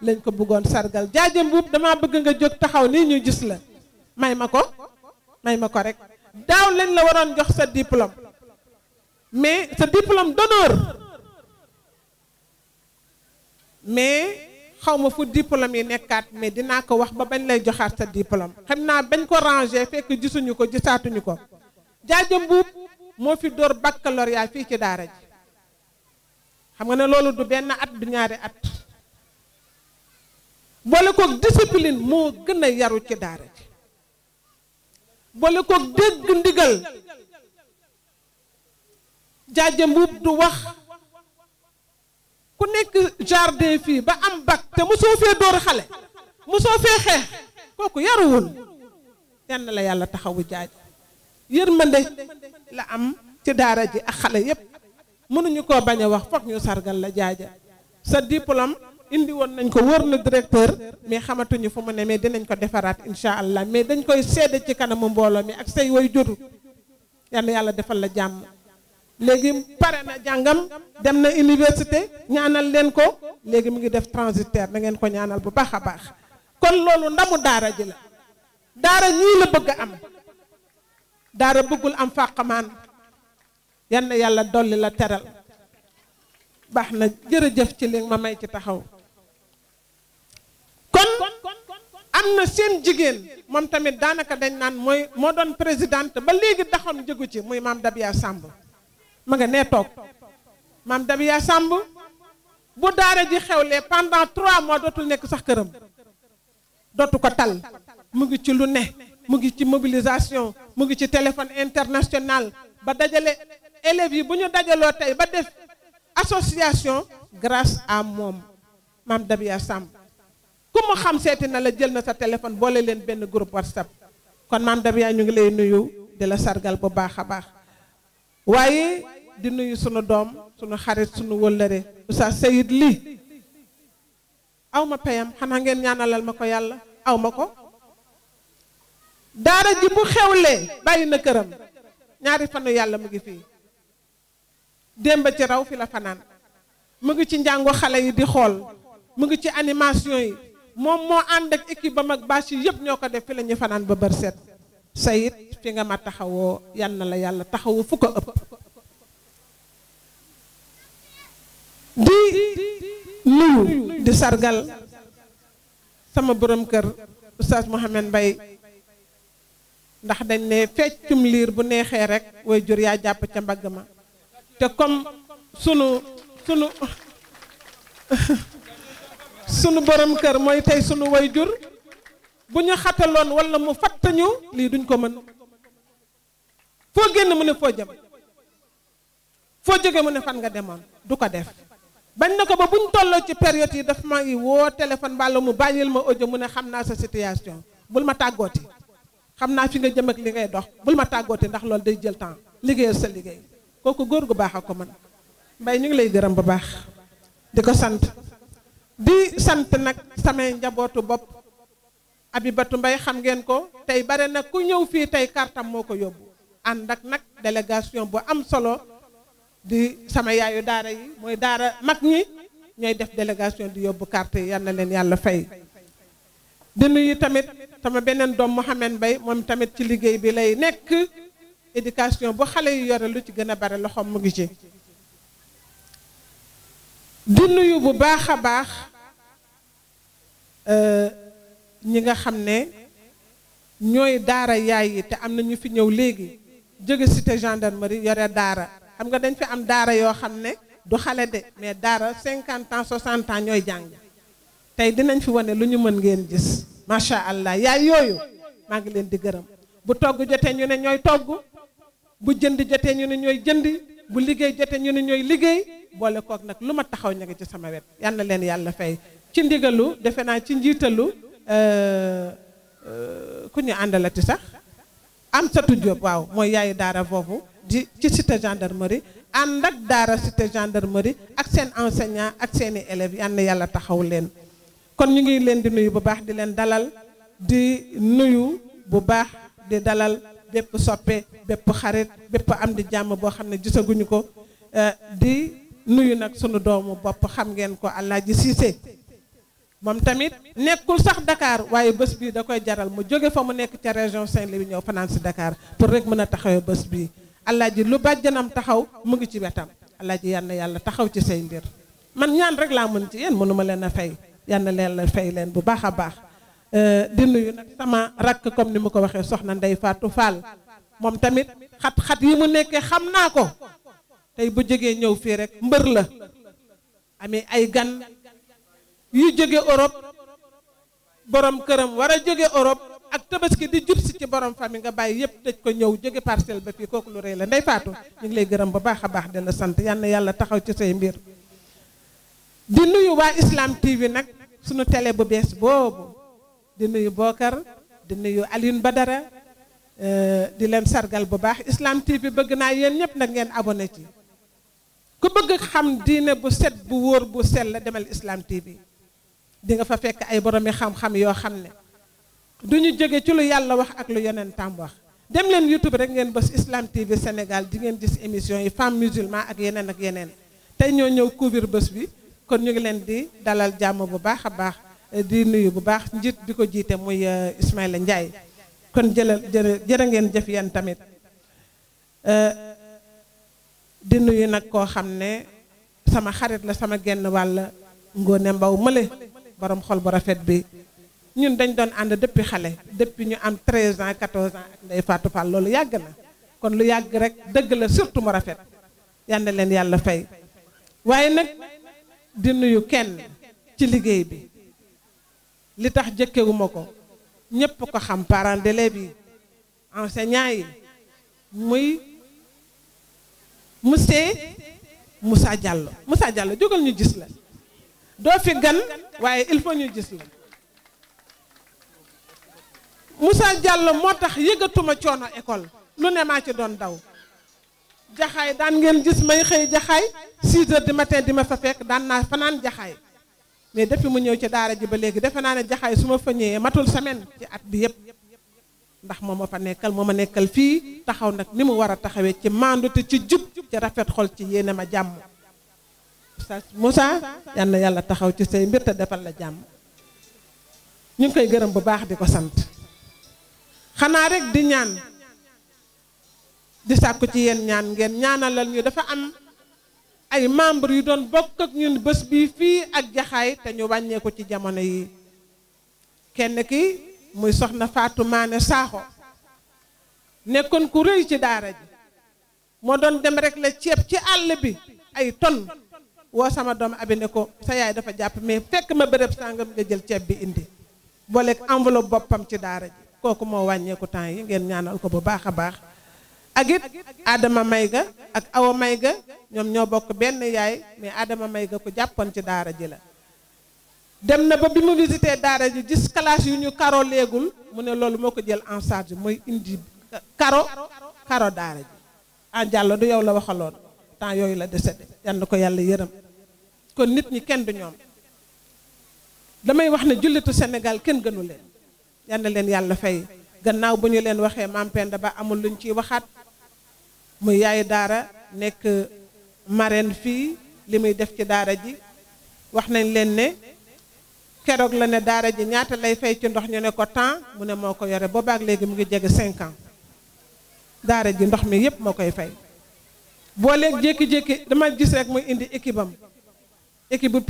lañ ko bëggoon sargal jaaja mbuub damaa bëgg nga jóg taxaw ni ñu gis la may ma ko may ma ko rek daaw lañ la waroon jox sa diplôme mais sa diplôme d'honneur mais xaw ma fu diplôme yi nekkaat mais dinaa ko wax ba bañ lay joxaat sa diplôme xam naa bañ ko ranger fekk gisuñu ko gisaatuñu ko jaaja mbuub moo fi door baccalauréat fii ci daara ji xam nga ne loolu du benn at du ñaari at boole kook discipline moo gën a yaru ci daara ji boole ko dégg ndigal jaaja mbuub du wax ku nekk jardin fii ba am bac te mosoo fee dóor xale mosoo fee xeex kooku yaruwul yann la yàlla taxawu jaaj yërmande la am ci daara ji ak xale yépp mënuñu koo bañ a wax foog ñu sargal la jaaja sa diplôme indi woon nañ ko wër na directeur mais xamatuñu fu mu ne mee dinañ ko defaraat incha allah mais dañ koy seede ci kanamu mbooloo mi ak say woy jur yan yàlla defal la jàmm léegi pare na jàngam dem na université ñaanal leen ko léegi mu ngi def transitaire na ngeen ko ñaanal bu baax a baax kon loolu ndamu daara ji la daara ñii la bëgg am daara bëggul am fàqamaan yal yàlla dolli la teral baax na jërëjëf ci li ma may ci taxaw kon am na seen jigéen moom tamit daanaka dañ naan mooy moo doon présidente ba léegi daxam jëgu ci muy maam Dabiya Samb mu nga nee toog maam Dabiya Samb bu daara ji xewlee pendant trois mois dootul nekk sax këram dootu ko tal mu ngi ci lu ne mu ngi ci mobilisation mu ngi ci téléphone international ba dajale élèves yi bu ñu dajaloo tey ba def association grace à moom maam Dabiya Samb ku mu xam seeti na la jël na sa téléphone boole leen benn groupe whatsapp kon maam dam yaay ñu ngi lay nuyu di la sargal bu baax a baax waaye di nuyu sunu doom sunu xarit sunu wëllëre Oustaz Seyid lii aw ma payam xanaa ngeen ñaanalal ma ko yàlla awma ko daara ji bu xewlee bàyyi na këram ñaari fanu yàlla mu ngi fii démb ci raw fi la fanaan mu ngi ci njàngu xale yi di xool mu ngi ci animation yi moom moo ànd ak équipe ba mag baas yi yëpp ñoo ko def fi la fanaan ba bër set sayit fi nga ma taxawoo yal na la yàlla taxawu fu ko ëpp di nuyu di sargal sama borom kër oustaz Mouhamed Mbaye ndax dañ ne feccum liir bu neexee rek way jur yaa jàpp ca mbagg ma te comme sunu sunu (laughs) sunu borom kër mooy tey sunu way jur bu ñu xataloon wala mu fattañu lii duñ ko mën foo génn mu ne foo jëm foo jóge mu ne fan nga demoon du ko def bañ na ko ba buñ tolloo ci période yi daf maa ngi woo téléphone bàlla mu bàyyil ma audio mu ne xam naa sa situation bul ma tàggooti xam naa fi nga jëm ak li ngay dox bul ma tàggooti ndax loolu day jël temps liggéeyal sa liggéey kooku góor gu baax a ko mën mbay ñu ngi lay gërëm bu baax di ko sant di sant nag samay njabootu bopp Abibatu Mbay xam ngeen ko tey bare nag ku ñëw fii tey kartam moo ko yóbbu ànd ak nag délégation bu am solo di sama yaayu daara yi mooy daara mag ñi ñooy def délégation di yóbbu carte yi yal na leen yàlla fay di nuyu tamit sama beneen doom Mouhamed Mbay moom tamit ci liggéey bi lay nekk éducation bu xale yu yore lu ci gën a bare loxoom mu ngi ci di yu bu baax a baax euh, ñi nga xam ne ñooy daara yaay yi te am na ñu fi ñëw léegi si cité gendarmerie yore daara xam nga dañ fi am daara yoo xam ne du xale de mais daara 50 ans 60 ans ñooy jàng tey dinañ fi wane lu ñu mën ngeen gis macha allah yaay yooyu maa ngi leen di gërëm bu togg jotee ñu ne ñooy togg bu jënd jotee ñu ne ñooy jënd bu liggéey jotee ñu ne ñooy liggéey. boole kook nag lu ma taxaw ña ngi ci sama wet yal leen yàlla fay ci ndigalu defe naa ci njiitalu euh, ku ñu àndalati sax am satu Jóob waaw mooy yaayu daara foofu di ci cité gendarmerie ànd ak daara cité gendarmerie ak seen enseignant ak seeni élèves yal na yàlla taxaw leen kon ñu ngi leen di nuyu bu baax di leen dalal di nuyu bu baax di dalal bépp soppe bépp xarit bépp am di jàmm boo xam ne gisaguñu ko euh, di nuyu nag sunu doomu bopp xam ngeen ko Alaaji Cissé moom tamit nekkul sax dakaar waaye bés bii da koy jaral mu jóge fa mu nekk ca région Saint-Louis ñëw fanaan si dakaar pour rek mën a taxawee bés bii ji lu bàjjanam taxaw mu ngi ci wetam Alaaji yal yàlla taxaw ci say mbir man ñaan rek laa mën ci yéen mënuma leen a fay yal na leen la fay leen bu baax a baax euh, di nuyu nag sama rakk comme ni mu ko waxee soxna Ndey Fatou Fall moom tamit xat-xat yi mu nekkee xam naa ko tey bu jógee ñëw fii rek mbër la amee ay gan yu jóge Europe borom këram war a jóge Europe ak tabaski di jub si ci borom famille nga bàyyi yëpp tëj ko ñëw jóge parcelle ba fii kooku lu rëy la ndey faatu ñu ngi lay gërëm bu baax a baax di la sant yal na yàlla taxaw ci say mbir di nuyu waa Islam TV nag suñu télé bu bees boobu di nuyu Bokar di nuyu Alioune Badara euh, di leen sargal bu baax Islam TV bëgg naa yéen ñëpp nag ngeen abonné ci ku bëgg xam diine bu set bu wóor bu sell demal Islam TV di nga fa fekk ay boromi xam-xam yoo xam ne du ñu jóge ci lu yàlla wax ak lu yonentam wax dem leen YouTube rek ngeen bës Islam TV Sénégal di ngeen gis émission yi femmes musulmanes ak yeneen ak yeneen tey ñoo ñëw couvrir bës bi kon ñu ngi leen di dalal jàmm bu baax a baax di nuyu bu baax njiit bi ko jiite muy euh, Ismaïla Ndiaye kon jëlal jërë jërë ngeen jëf yéen tamit. Euh, di nuyu nag koo xam ne sama xarit la sama genn wàll ngóone mbaw mële borom xol bu rafet bi ñun dañ doon ànd depuis xale depuis ñu am 13 ans 14 ans ak Ndeye Fatou loolu yàgg na kon lu yàgg rek dëgg la surtout mu rafet yal na leen yàlla fay waaye nag di nuyu kenn ci liggéey bi li tax jëkkewuma ko ñépp ko xam parents d'élèves yi enseignants yi muy monsieur Moussa jàll Moussa Diallo jógal nu gis la doo fi gan waaye il faut ñu gis la Moussa jàll moo tax yëgatuma coono école lu ne maa ci doon daw jaxaay daan ngeen gis may xëy jaxaay 6 heures du matin di ma fa fekk daan naa fanaan jaxaay mais depuis mu ñëw ci daara ji ba léegi defe naa ne jaxaay su ma fa matul semaine ci at bi yëpp ndax moo ma fa nekkal moo ma nekkal fii taxaw nag ni mu war a taxawee ci maandu te ci jub ci rafet xol ci yéene ma jàmm sa Moussa yal yàlla taxaw ci say mbir te defal la jàmm ñu ngi koy gërëm bu baax di ko sant xanaa rekk di ñaan di sàkku ci yenn ñaan ngeen ñaanalal ñu dafa am ay membre yu doon bokk ak ñun bés bii fii ak jaxaay te ñu wàññeeku ci jamono yi kenn ki muy soxna Fatou Mané Sakho nekkoon ku rëy ci daara ji moo doon dem rek la ceeb ci àll bi ay ton woo sama doom abi ko sa yaay dafa jàpp mais fekk ma bërëb sàngam nga jël ceeb bi indi booleeg enveloppe boppam ci daara ji kooku moo wàññeeku temps yi ngeen ñaanal ko bu baax a baax ak aadama may Mayga ak Awa may Mayga ñoom ñoo bokk benn yaay mais Adama Mayga ko jàppoon ci daara ji la dem na ba bi mu visité daara ji gis classe yu ñu karo léegul mu ne loolu moo ko jël en charge mooy indi karo karo daara ji en ah, jàll du yow la waxaloon temps yooyu la dese yal na ko yàlla yërëm kon nit ñi kenn du ñoom damay wax ne jullitu senegal kenn gënu leen yal leen yàlla fay gannaaw bu ñu leen waxee Maam Ba amul luñ ciy waxaat muy yaayu daara nekk marraine fii li muy def ci daara ji wax nañ leen ne keroog la ne daare ji ñaata lay fay ci ndox ñu ne ko temps mu ne moo ko yore boobaak léegi mu ngi jege 5 ans daara ji ndox mi yépp moo koy fay boo leen jékki-jékki dama gis rek muy indi équipe am équipe bu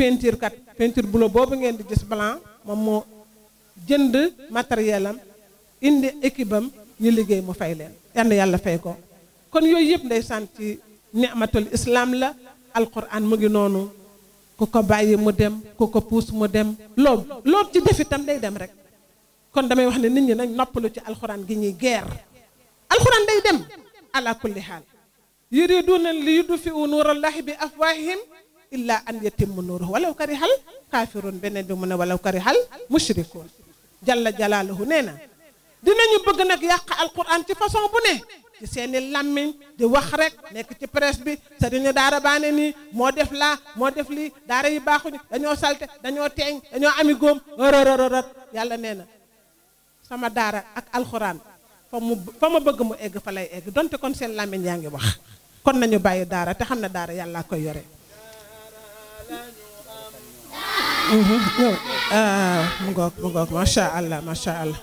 kat peinture bleu boobu ngeen di gis blanc moom moo jënd matériel am indi équipe am ñu liggéey mu fay leen yal yàlla fay ko kon yooyu yëpp ndeysaan ci ni'matul islam la alquran mu ngi noonu koko baye mu dem koko pousse mu dem loo loo ci def itam day dem rek kon damay wax ne nit ñi nañ noppalu ci alxuraan gi ñuy guerre alxuraan day dem ala kulli hal yuriduna li yudfiu nuurallahi bi afwahihim illa an yatimmu nuruhu walaw karihal kafirun benen bi mu ne walaw karihal mushrikun jalla jalaluhu neena dinañu bëgg nak yàq alxuraan ci façon bu ne ci seeni làmmiñ di wax rek nekk ci presse bi sëriñu daara baane nii moo def laa moo def lii daara yi baaxuñu dañoo salte dañoo teeñ dañoo ami góom rërërërër yàlla nee na sama daara ak alxuraan fa mu bëgg mu egg fa lay egg donte kon seen làmmiñ yaa ngi wax kon nañu bàyyi daara te xam ne daara yàllaa koy yore mhm, ah, mu ngoog mu ngoog macha allah macha allah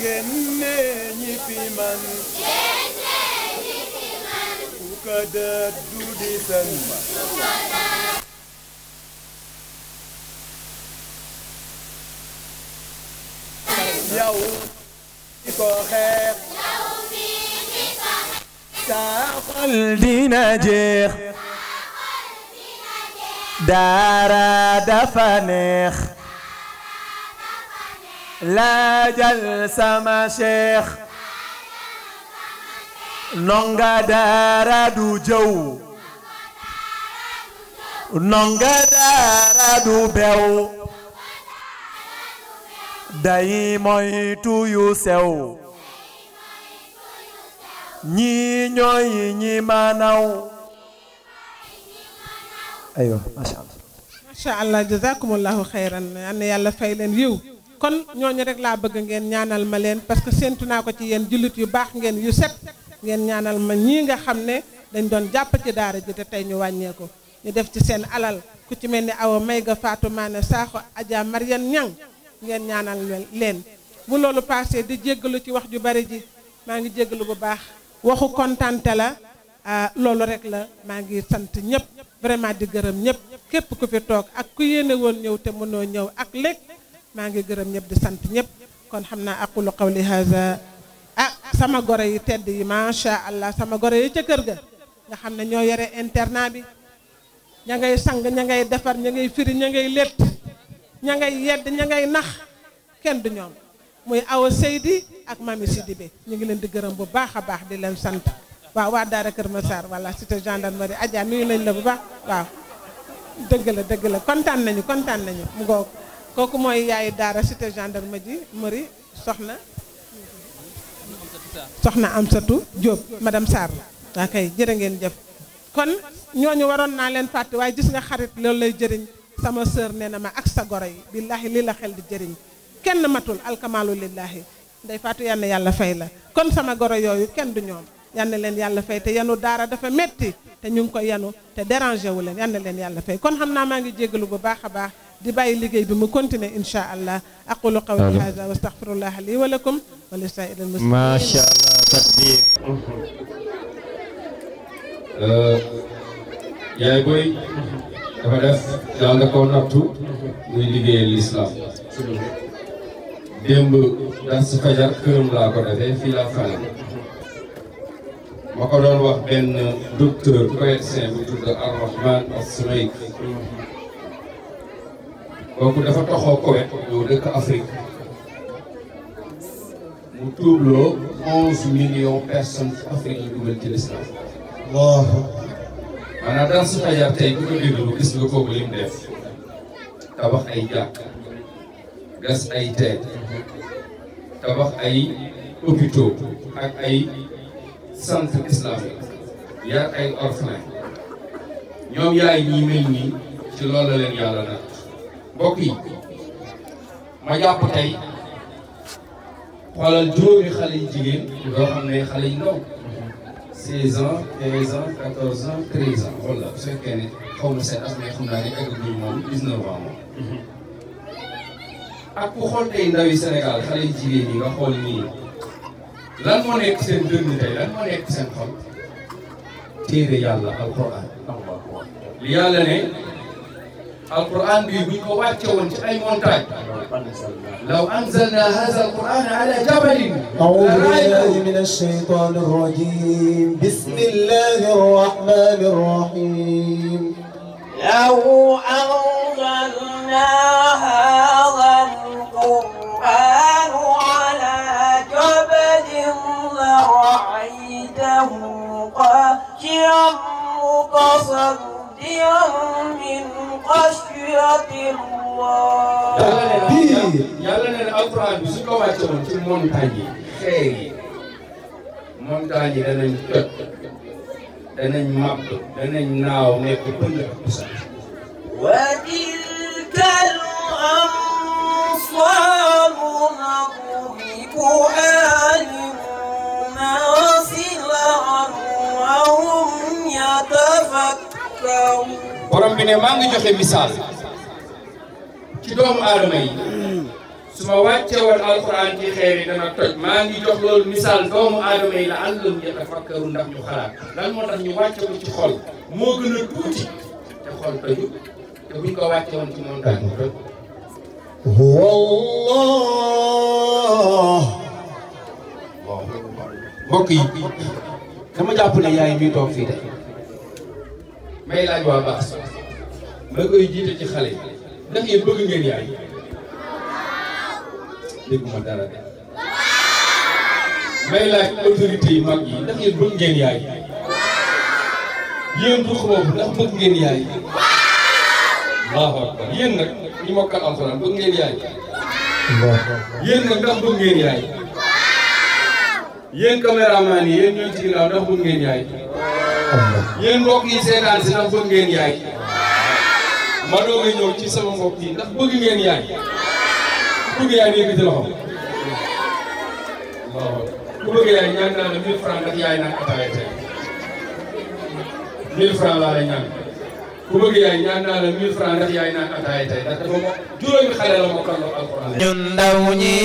génneeñi fi man ku ko dëdd du di sën ma yow di ko xeex saa xol dina jeex dara dafa neex لا جلس ما شيخ نونغا دارا دو جو نونغا دارا دو بيو داي موي تو يو سيو ني نوي ني ماناو ايوه ما شاء الله ما شاء الله جزاكم الله خيرا ان يلا فايلن يو kon ñooñu rek laa bëgg ngeen ñaanal ma leen parce que séentu naa ko ci yéen jullit yu baax ngeen yu set ngeen ñaanal ma ñii nga xam ne dañ doon jàpp ci daara ji te tey ñu wàññeeku ñu def ci seen alal ku ci mel ni awa may ga Fatou Mané Sakho Adja Mariane Niang ngeen ñaanal leen bu loolu paasee di jéggalu ci wax ju bari ji maa ngi jéggalu bu baax waxu kontaante la loolu rek la maa ngi sant ñëpp vraiment di gërëm ñëpp képp ku fi toog ak ku yéen woon ñëw te mënoo ñëw ak lekk maa ngi gërëm ñëpp di sant ñëpp kon xam naa aqulu qawli haza ah sama gore yi tedd yi macha allah sama gore yi ca kër ga nga xam ne ñoo yore internat bi ña ngay sang ña ngay defar ña ngay firi ña ngay létt ña ngay yedd ña ngay nax kenn du ñoom muy awa Seydi ak mami Sidibé ñu ngi leen di gërëm bu baax a baax di leen sant waaw waa Daara Kër Massar voilà cité gendarmerie Adja nuyu nañ la bu baax waaw dëgg la dëgg la kontaan nañu kontaan nañu kooku mooy yaayu daara cité gendarmerie Marie soxna soxna Amsatou Diop madame Sarr waa kay jërë ngeen jëf kon ñooñu waroon naa leen fàtte waaye gis nga xarit loolu lay jëriñ sama sœur nee na ma ak sa goro yi billaahi lii la xel di jëriñ kenn matul alkamaalu lillaahi ndey faatu yal na yàlla fay la kon sama goro yooyu kenn du ñoom yal leen yàlla fay te yanu daara dafa metti te ñu ngi koy yanu te dérangé wu leen yàlla fay kon xam naa maa ngi jégalu bu baax a baax di bàyyi liggéey bi mu continuer incha allah aqulu qawli hada wa astaghfirullah li wa lakum wa li saa'iril ma sha allah takbir euh, yaay boy dafa def daa nga koo nattu muy liggéeyal lislaam démb dars fajar këram laa ko defee fii laa ma ko doon wax benn docteur médecin bu tudd Arrahman Assumayk donc dafa toxoo Koweït ñëw dëkk Afrique mu tuubloo onze millions personnes ci Afrique yu dugal ci lislam waaw maanaam dans su tey bu ko déglu gis nga kooku lim def tabax ay jàkk gas ay teen tabax ay hôpitaux ak ay centre islamique yar ay orphelin ñoom yaay ñi mel nii ci loolu leen yàlla nag mbokk yi ma jàpp tey xoolal juróomi xale yu jigéen yoo xam ne xale yu ndaw 16 ans 15 ans 14 ans 13 ans wala bu fekkee ne xaw ma seen as mais xam naa ne agriculture moom 19 ans moom. ak ku xool tey ndawi Sénégal xale yu jigéen ñi nga xool nii lan moo nekk seen dënn tey lan moo nekk seen xol téere yàlla alquran li yàlla ne. القران بيقول واتي اي مونتاج لو انزلنا هذا القران على جبل اعوذ بالله من الشيطان الرجيم بسم الله الرحمن الرحيم لو انزلنا هذا القران على جبل لرايته قاشرا مقصدا bii yàlla ne alxuraan bi su ko wàcce woon ci montagne yi xeer yi montagne yi danañ toj danañ màbb danañ naaw nekk pënd ak pusaay wa tilka al amsaalu borom bi ne maa ngi joxe misaal ci doomu aadama yi su ma wàccee woon alxuraan ci xeer yi dana toj maa ngi jox loolu misaal doomu aadama yi la àllam yatafakkaru ndax ñu xalaat lan moo tax ñu wàcce ci xol moo gën a tuuti te xol toju te buñ ko wàcce ci montagne mu toj wallah mbokk yi dama jàpp ne yaay mi toog fii de may laaj waa baax ma koy jiite ci xale yi mag yi bëgg ngeen yaay yéen du xoof ndax bëgg ngeen yaay allahu akbar yéen nag ñi mokkal alxuraan bëgg ngeen yaay yéen nag ndax bëgg ngeen yaay yéen caméraman yi yéen ñooy ci bëgg ngeen yaay yéen mbokk yi seetaan si ndax bëgg ngeen yaay ma doog a ñëw ci sama mbokk yi ndax bëgg ngeen yaay bëgg yaay bi yëkkati loxo waaw ku bëgg yaay ñaan naa la 1000 francs ndax yaay naan ataaya tey 1000 francs laa lay ñaan ku bëgg yaay ñaan naa la 1000 francs ndax yaay naan ataay tey ndax dafa mo juróomi xale la moo kàlloo alxuraan ñun ndaw ñi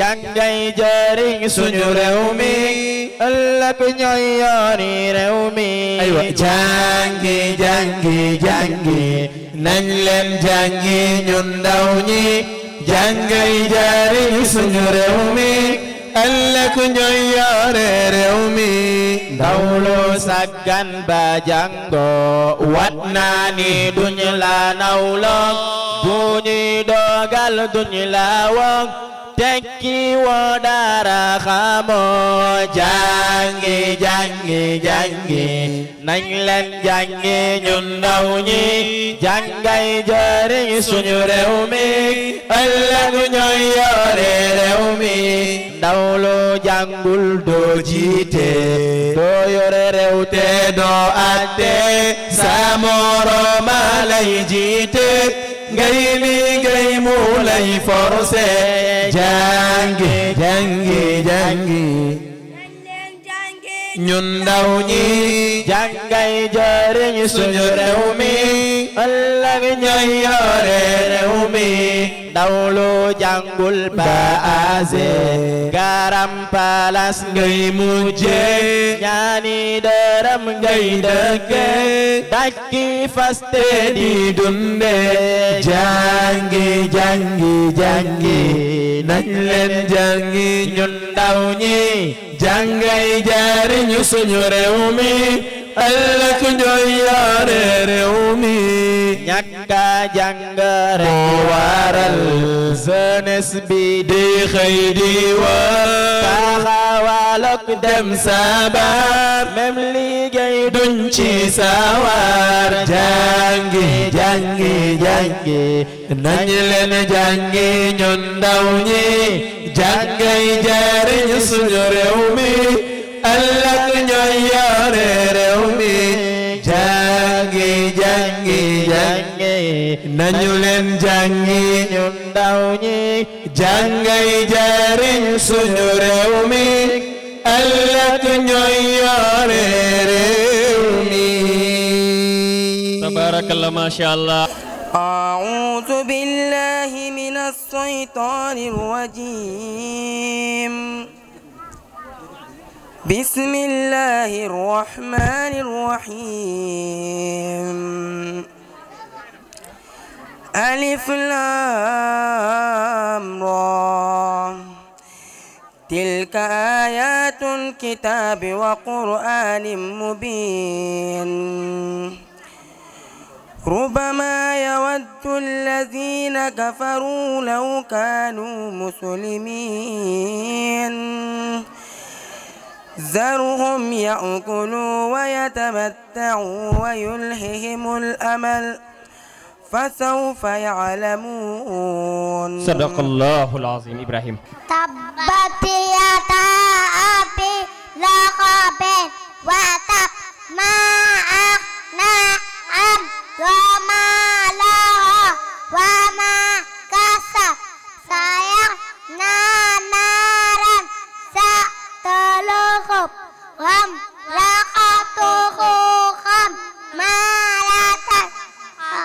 jàngay jëriñ suñu réew mi ëllëg ñooy yooni réew mi aywa jàngi jàngi jàngi nañ leen jàngi ñun ndaw ñi jàngay jëriñ suñu réew mi ëllëg ñooy yoore réew mi bajang saggan watna ni dunyla naulok, Bunyi dogal dunyla wong tekki woo dara xamoo jàngi jàngi nañ leen jàngi ñun ndaw ñi jàngay jëriñ suñu réew mi ëllëg ñooy yore réew mi ndaw lu jàngul doo jiite te doo àtte sa moroom lay jiite ngay liggéey mu lay forcé jàngi jàngi jàngi ñun ndaw ñi jàngay suñu réew mi ëllëg ñooy yore dawlu jàngul baase garam palas ngay mujje ñaani dërëm ngay dëkke dakki faste di dunde jangi jangi jangi nañ jangi ñun ndaw ñi jàngay jaariñu suñu réew mi ëllëg ñooy yoore ñàkk a jàng waral jeunesse bi di xëy war taxawalok dem sabar même liggéey duñ ci sawar jàngi jàngi jàngi nañ leen jàngi ñun ndaw ñi jàngay jariñ suñu réew mi ëllëg ñooy yore ñi nañu leen jàngi ñun ndaw ñi jariñ suñu réew mi ëllëg ñooy yoore réew mi tabarakallah ma sha Allah أعوذ بالله من الشيطان الرجيم بسم الله الرحمن الرحيم ألف لام را تلك آيات الكتاب وقرآن مبين ربما يود الذين كفروا لو كانوا مسلمين ذرهم يأكلوا ويتمتعوا ويلههم الأمل فسوف يعلمون صدق الله العظيم إبراهيم تبت يدا أبي لهب وتب ما أغنى عنه ماله وما كسب سيغنى نارا سأتلهم هم لقطه خم ماله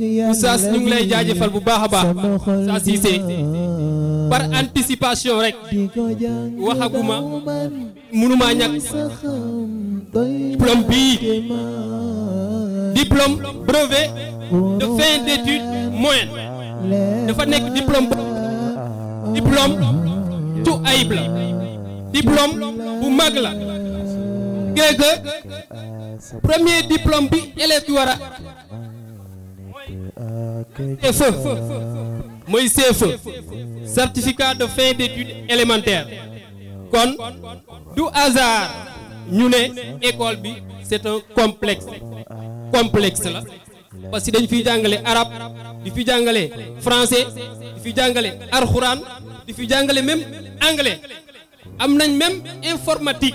Oustaz ñu ngi lay jaajëfal bu baax a baax par anticipation rek waxaguma mënuma ñak diplôme diplôme brevet de fin d'études moyennes dafa nekk diplôme diplôme tu ayib la diplôme bu mag la. premier diplôme bi élève bi war a CFE F certificat de fin d'études élémentaires kon du hasard nous école c'est un complexe complexe là, parce que dañ arabe français di même anglais am même informatique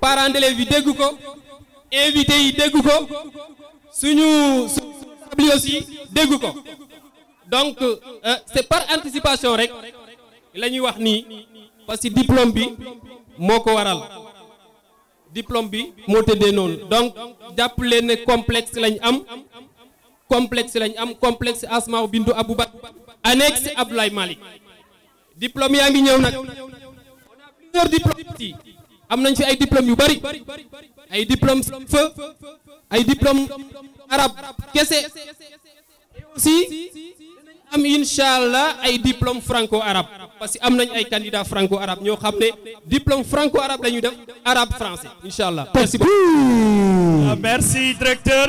parents d'élèves de dégg ko invités yi dégg ko suñu aussi donc euh, c'est par anticipation rek la parce que diplôme bi Moko waral diplôme bi donc jàpp le complexe lañ complexe lañ am complexe Asma Bintou Aboubacar annexe malik. diplôme ngi am nañ fi ay diplôme yu bari ay diplôme fe ay diplôme arab kessé si am inshallah allah ay diplôme franco Arab, parce que am nañ ay candidat franco Arab, ño xamné diplôme franco Arab lañu def arab français inshallah allah merci beaucoup merci ah, directeur.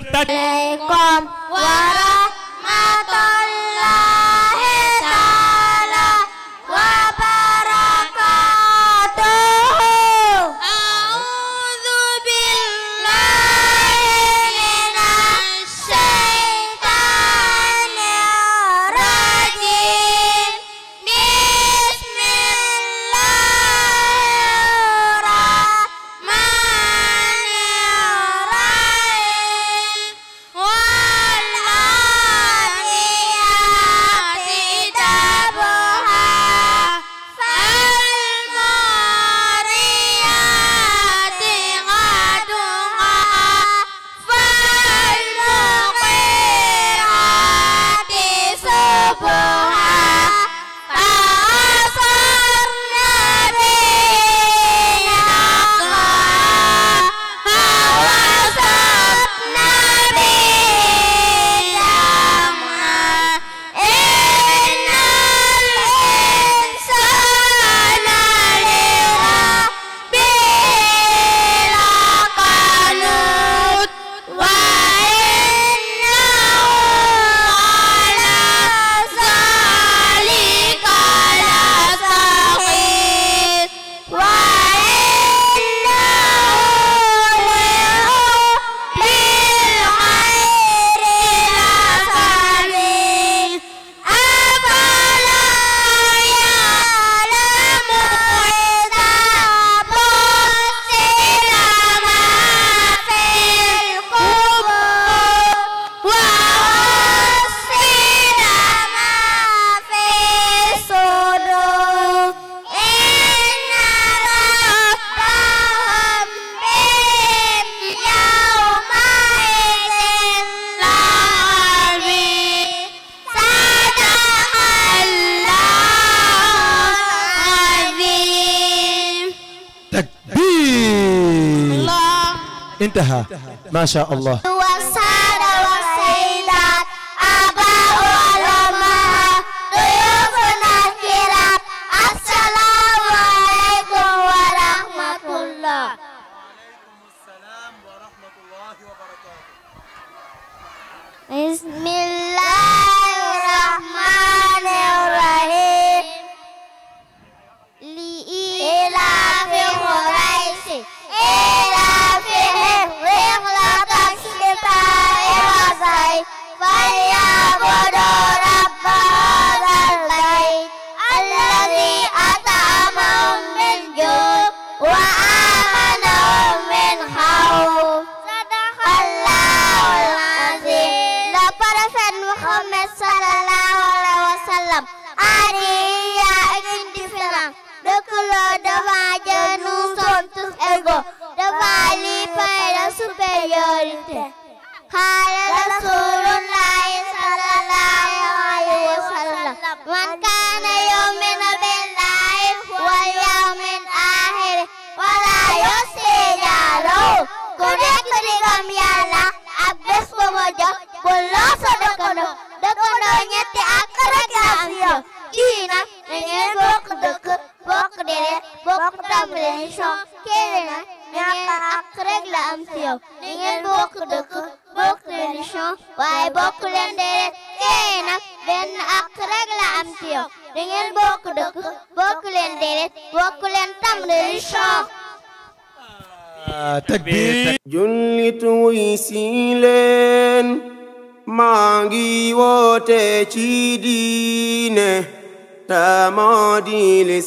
انتهى ما شاء الله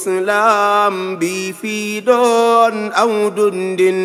lislaam bi fii doon aw dundin